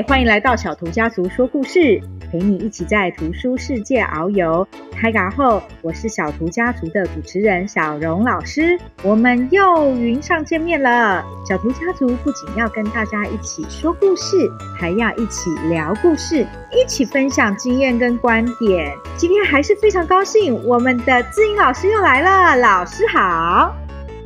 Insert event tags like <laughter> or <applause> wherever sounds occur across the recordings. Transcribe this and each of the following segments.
歡迎來到小圖家族說故事，陪你一起在圖書世界遨遊。開講後，我是小圖家族的主持人小榮老師，我們又雲上見面了。小圖家族不僅要跟大家一起說故事，還要一起聊故事，一起分享經驗跟觀點。今天還是非常高興，我們的姿盈老師又來了。老師好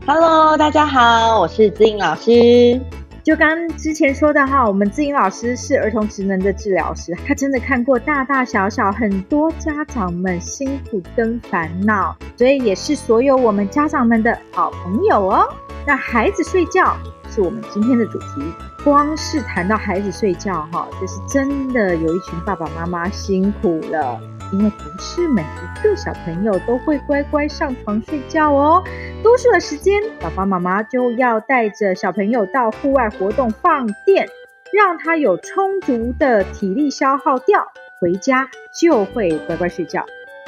，Hello，大家好，我是姿盈老師。就剛，剛之前說的哈，我們姿盈老師是兒童職能的治療師，他真的看過大大小小很多家長們辛苦跟煩惱，所以也是所有我們家長們的好朋友哦。那孩子睡覺是我們今天的主題，光是談到孩子睡覺哈，就是真的有一群爸爸媽媽辛苦了。因為不是每一個小朋友都會乖乖上床睡覺哦，多數的時間，爸爸媽媽就要帶着小朋友到戶外活動放電，讓他有充足的體力消耗掉，回家就會乖乖睡覺。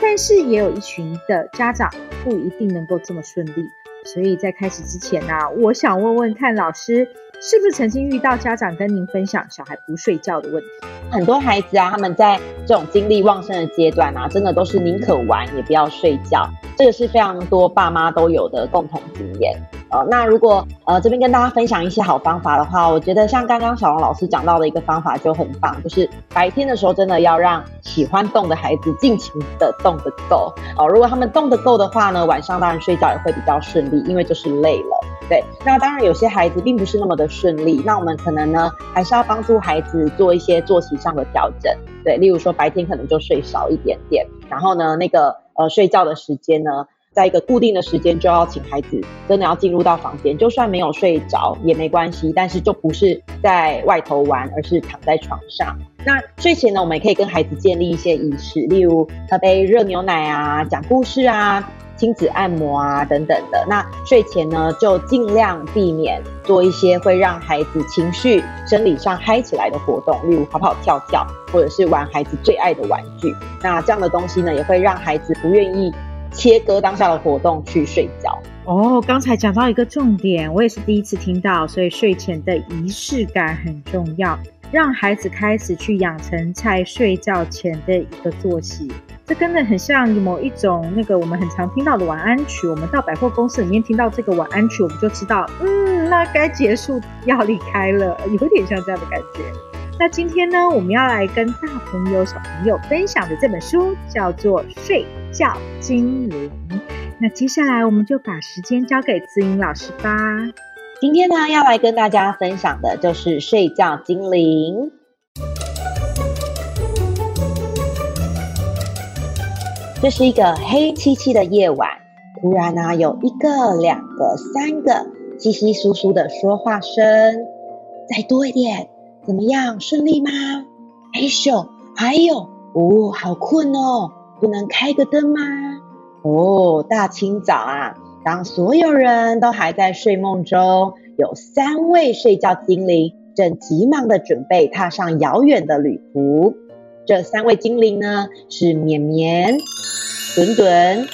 但是也有一群的家長不一定能夠這麼順利，所以在開始之前呢、啊，我想問問看老師。是不是曾經遇到家長跟您分享小孩不睡覺的問題？很多孩子啊，他們在這種精力旺盛的階段啊，真的都是寧可玩，嗯、也不要睡覺，這個是非常多爸媽都有的共同經驗。哦、呃，那如果呃這邊跟大家分享一些好方法的話，我覺得像剛剛小蓉老師講到的一個方法就很棒，就是白天的時候真的要讓喜歡動的孩子盡情的動得夠。哦、呃，如果他們動得夠的話呢，晚上當然睡覺也會比較順利，因為就是累了。對，那當然有些孩子並不是那麼的順利，那我們可能呢還是要幫助孩子做一些作息上的調整。對，例如說白天可能就睡少一點點，然後呢那個呃睡覺的時間呢，在一個固定的時間就要請孩子真的要進入到房間，就算沒有睡着也沒關係，但是就不是在外頭玩，而是躺在床上。那睡前呢，我們也可以跟孩子建立一些儀式，例如喝杯熱牛奶啊，講故事啊。親子按摩啊，等等的。那睡前呢，就儘量避免做一些會讓孩子情緒、生理上嗨起來的活動，例如跑跑跳跳，或者是玩孩子最愛的玩具。那這樣的東西呢，也會讓孩子不願意切割當下的活動去睡覺。哦，剛才講到一個重點，我也是第一次聽到，所以睡前的儀式感很重要，讓孩子開始去養成在睡覺前的一個作息。這真的很像某一種那個我們很常聽到的晚安曲。我們到百貨公司裡面聽到這個晚安曲，我們就知道，嗯，那該結束要離開了，有點像這樣的感覺。那今天呢，我們要來跟大朋友、小朋友分享的這本書叫做《睡覺精靈》。那接下來我們就把時間交給姿盈老師吧。今天呢，要來跟大家分享的就是《睡覺精靈》。這是一個黑漆漆的夜晚，突然呢、啊，有一個、兩個、三個窸窸窣窣的說話聲，再多一點，怎麼樣？順利嗎？哎呦，哎呦，哦，好困哦，不能開個燈嗎？哦，大清早啊，當所有人都還在睡夢中，有三位睡覺精靈正急忙的準備踏上遙遠的旅途。這三位精靈呢，是綿綿、墩墩、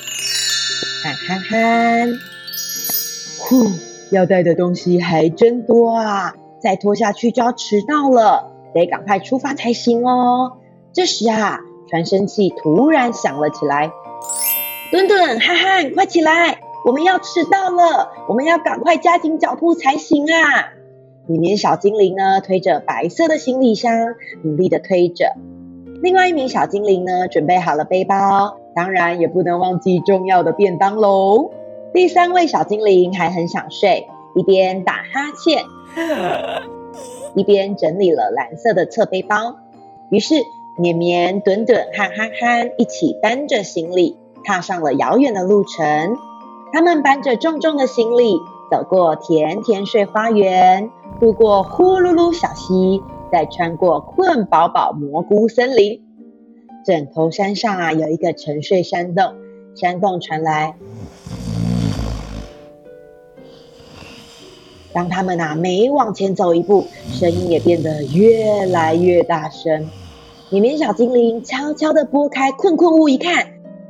憨憨。呼，要帶的東西還真多啊！再拖下去就要遲到了，得趕快出發才行哦。這時啊，傳聲器突然響了起來。墩墩、憨憨，快起來！我們要遲到了，我們要趕快加緊腳步才行啊！裡面小精靈呢，推着白色的行李箱，努力的推着。另外一名小精靈呢，準備好了背包，當然也不能忘記重要的便當嘍。第三位小精靈還很想睡，一邊打哈欠， <laughs> 一邊整理了藍色的側背包。於是綿綿、墩墩和憨憨一起搬着行李，踏上了遙遠的路程。他們搬着重重的行李，走過甜甜睡花園，路過呼嚕嚕小溪。再穿過困寶寶蘑菇森林，枕頭山上啊有一個沉睡山洞，山洞傳來。當他們啊每往前走一步，聲音也變得越來越大聲。裡面小精靈悄悄地撥開困困霧一看，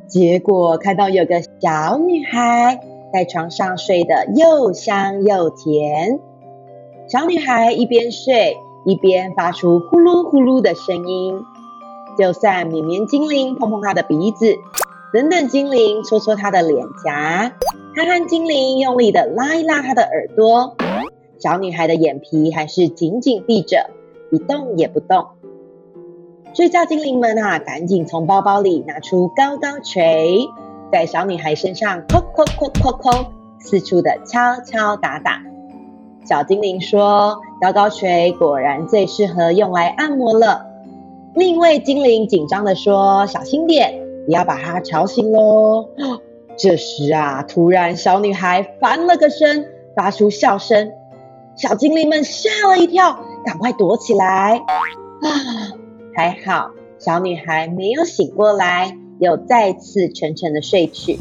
結果看到有個小女孩在床上睡得又香又甜。小女孩一邊睡。一邊發出呼嚕呼嚕的聲音，就算綿綿精靈碰碰她的鼻子，等等精靈搓搓她的臉頰，憨憨精靈用力的拉一拉她的耳朵，小女孩的眼皮還是緊緊閉着，一動也不動。睡覺精靈們啊，趕緊從包包裡拿出高高錘，在小女孩身上叩叩叩叩叩，四處的敲敲打打。小精靈說：“高高錘果然最適合用來按摩了。”另一位精靈緊張地說：“小心點，不要把她吵醒嘍。”這時啊，突然小女孩翻了個身，發出笑聲。小精靈們嚇了一跳，趕快躲起來。啊，還好小女孩沒有醒過來，又再次沉沉地睡去。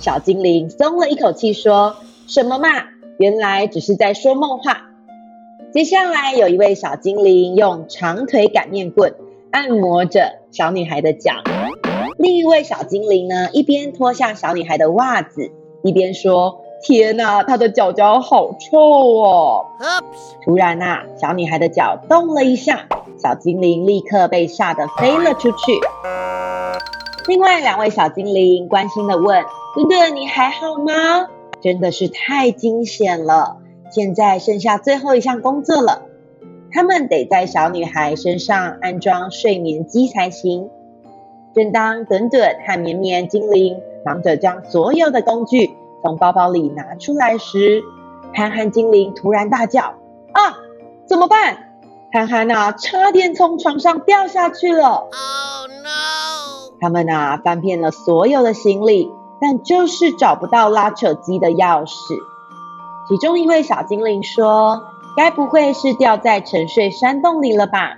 小精靈鬆了一口氣說，說什麼嘛，原來只是在說夢話。接下來，有一位小精靈用長腿擀麵棍按摩着小女孩的腳，另一位小精靈呢，一邊脫下小女孩的襪子，一邊說：“天哪，她的腳腳好臭哦！”突然啊，小女孩的腳動了一下，小精靈立刻被嚇得飛了出去。另外兩位小精靈關心地問：“哥哥，你還好嗎？”真的是太驚險了！現在剩下最後一項工作了，他們得在小女孩身上安裝睡眠機才行。正當墩墩和綿綿精靈忙着將所有的工具從包包裡拿出來時，憨憨精靈突然大叫：“啊！怎麼辦？憨憨啊，差點從床上掉下去了！” Oh no！他們啊，翻遍了所有的行李。但就是找不到拉扯機的鑰匙。其中一位小精靈說：“該不會是掉在沉睡山洞裡了吧？”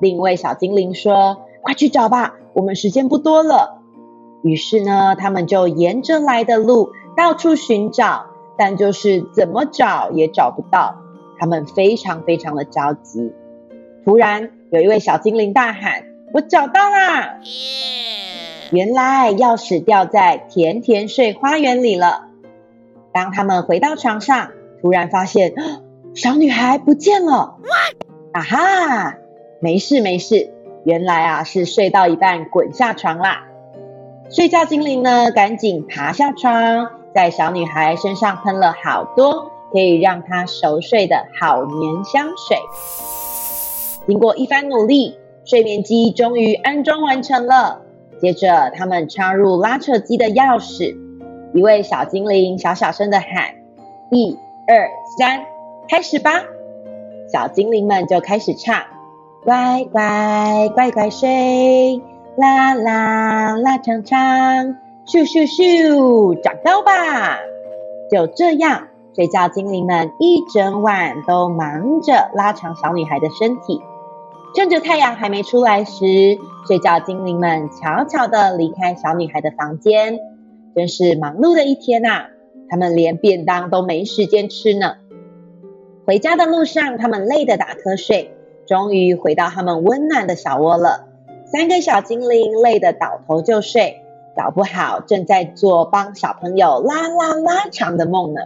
另一位小精靈說：“快去找吧，我們時間不多了。”於是呢，他們就沿着來的路到處尋找，但就是怎麼找也找不到，他們非常非常的着急。突然，有一位小精靈大喊：“我找到啦！”Yeah. 原來鑰匙掉在甜甜睡花園裡了。當他們回到床上，突然發現，哦，小女孩不見了。What? 啊哈，沒事沒事，原來啊是睡到一半滾下床啦。睡覺精靈呢，趕緊爬下床，在小女孩身上噴了好多可以讓她熟睡的好眠香水。經過一番努力，睡眠機終於安裝完成了。接着，他們插入拉扯機的鑰匙。一位小精靈小小聲地喊：“一、二、三，開始吧！”小精靈們就開始唱：“乖乖乖乖睡，啦啦啦，長長，咻咻咻，長高吧！”就這樣，睡覺精靈們一整晚都忙着拉長小女孩的身體。趁着太陽還沒出來時，睡覺精靈們悄悄地離開小女孩的房間。真是忙碌的一天吶、啊，他們連便當都沒時間吃呢。回家的路上，他們累得打瞌睡。終於回到他們溫暖的小窩了，三個小精靈累得倒頭就睡，搞不好正在做幫小朋友拉拉拉長的夢呢。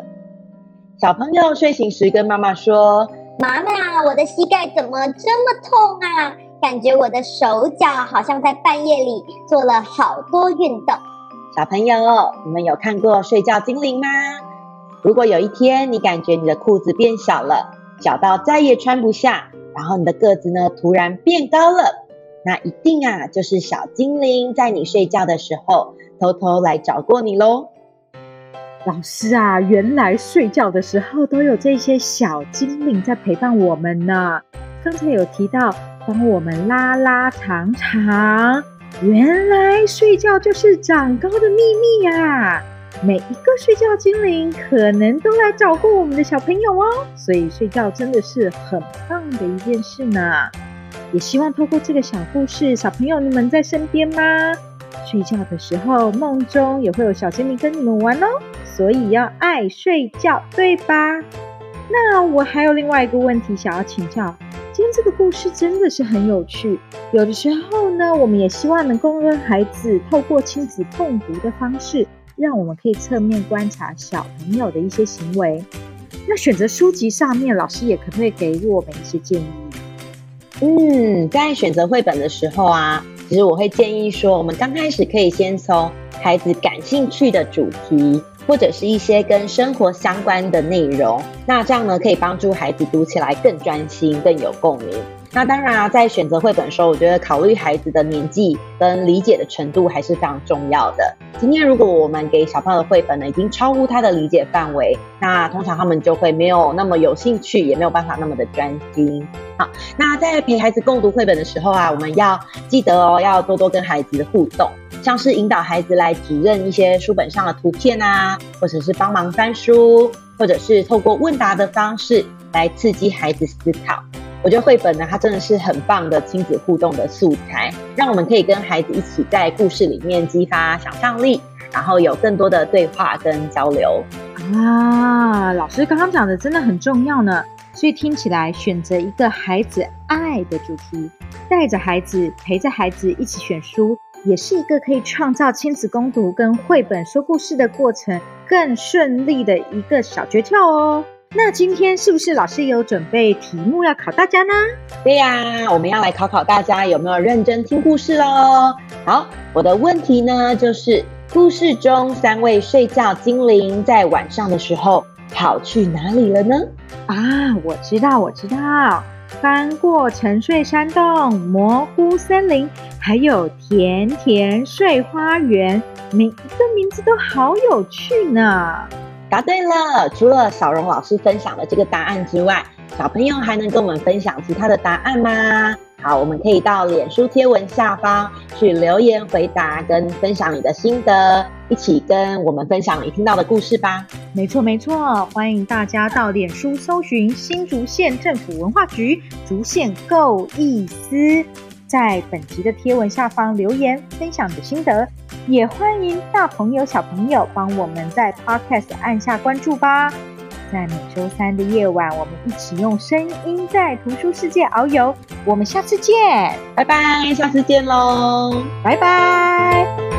小朋友睡醒時跟媽媽說。媽媽，我的膝蓋怎麼這麼痛啊？感覺我的手腳好像在半夜裡做了好多運動。小朋友，你們有看過睡覺精靈嗎？如果有一天你感覺你的褲子變小了，小到再也穿不下，然後你的個子呢，突然變高了，那一定啊就是小精靈在你睡覺的時候偷偷來找過你嘍。老師啊，原來睡覺的時候都有這些小精靈在陪伴我們呢。剛才有提到幫我們拉拉長長，原來睡覺就是長高的秘密呀！啊！每一個睡覺精靈可能都來找過我們的小朋友哦，所以睡覺真的是很棒的一件事呢。也希望透過這個小故事，小朋友你們在身邊嗎？睡覺的時候，夢中也會有小精靈跟你們玩哦，所以要愛睡覺，對吧？那我還有另外一個問題想要請教。今天這個故事真的是很有趣，有的時候呢，我們也希望能夠跟孩子透過親子共讀的方式，讓我們可以側面觀察小朋友的一些行為。那選擇書籍上面，老師也可不可以給予我們一些建議？嗯，在選擇繪本的時候啊。其實我會建議說，我們剛開始可以先從孩子感興趣的主題，或者是一些跟生活相關的內容。那這樣呢，可以幫助孩子讀起來更專心，更有共鳴。那當然啊，在選擇繪本的時候，我覺得考慮孩子的年紀跟理解的程度還是非常重要的。今天如果我們給小朋友的繪本呢，已經超乎他的理解範圍，那通常他們就會沒有那麼有興趣，也沒有辦法那麼的專心。好，那在陪孩子共讀繪本的時候啊，我們要記得哦，要多多跟孩子互動，像是引導孩子來指認一些書本上的圖片啊，或者是幫忙翻書，或者是透過問答的方式來刺激孩子思考。我覺得繪本呢，它真的是很棒的親子互動的素材，讓我們可以跟孩子一起在故事裡面激發想象力，然後有更多的對話跟交流啊。老師剛剛講的真的很重要呢，所以聽起來選擇一個孩子愛的主題，帶着孩子陪着孩子一起選書，也是一個可以創造親子共讀跟繪本說故事的過程更順利的一個小訣竅哦。那今天是不是老師有準備題目要考大家呢？對呀、啊，我們要來考考大家有沒有認真聽故事嘍。好，我的問題呢就是，故事中三位睡覺精靈在晚上的時候跑去哪裡了呢？啊，我知道，我知道，翻過沉睡山洞、蘑菇森林，還有甜甜睡花園，每一個名字都好有趣呢。答對了！除了小榮老師分享的這個答案之外，小朋友還能跟我們分享其他的答案嗎？好，我們可以到臉書貼文下方去留言回答，跟分享你的心得，一起跟我們分享你聽到的故事吧。沒錯沒錯，歡迎大家到臉書搜尋新竹縣政府文化局竹縣夠意思，在本集的貼文下方留言分享你的心得。也歡迎大朋友、小朋友幫我們在 Podcast 按下關注吧！在每周三的夜晚，我們一起用聲音在圖書世界遨遊。我們下次見，拜拜！下次見嘍，拜拜！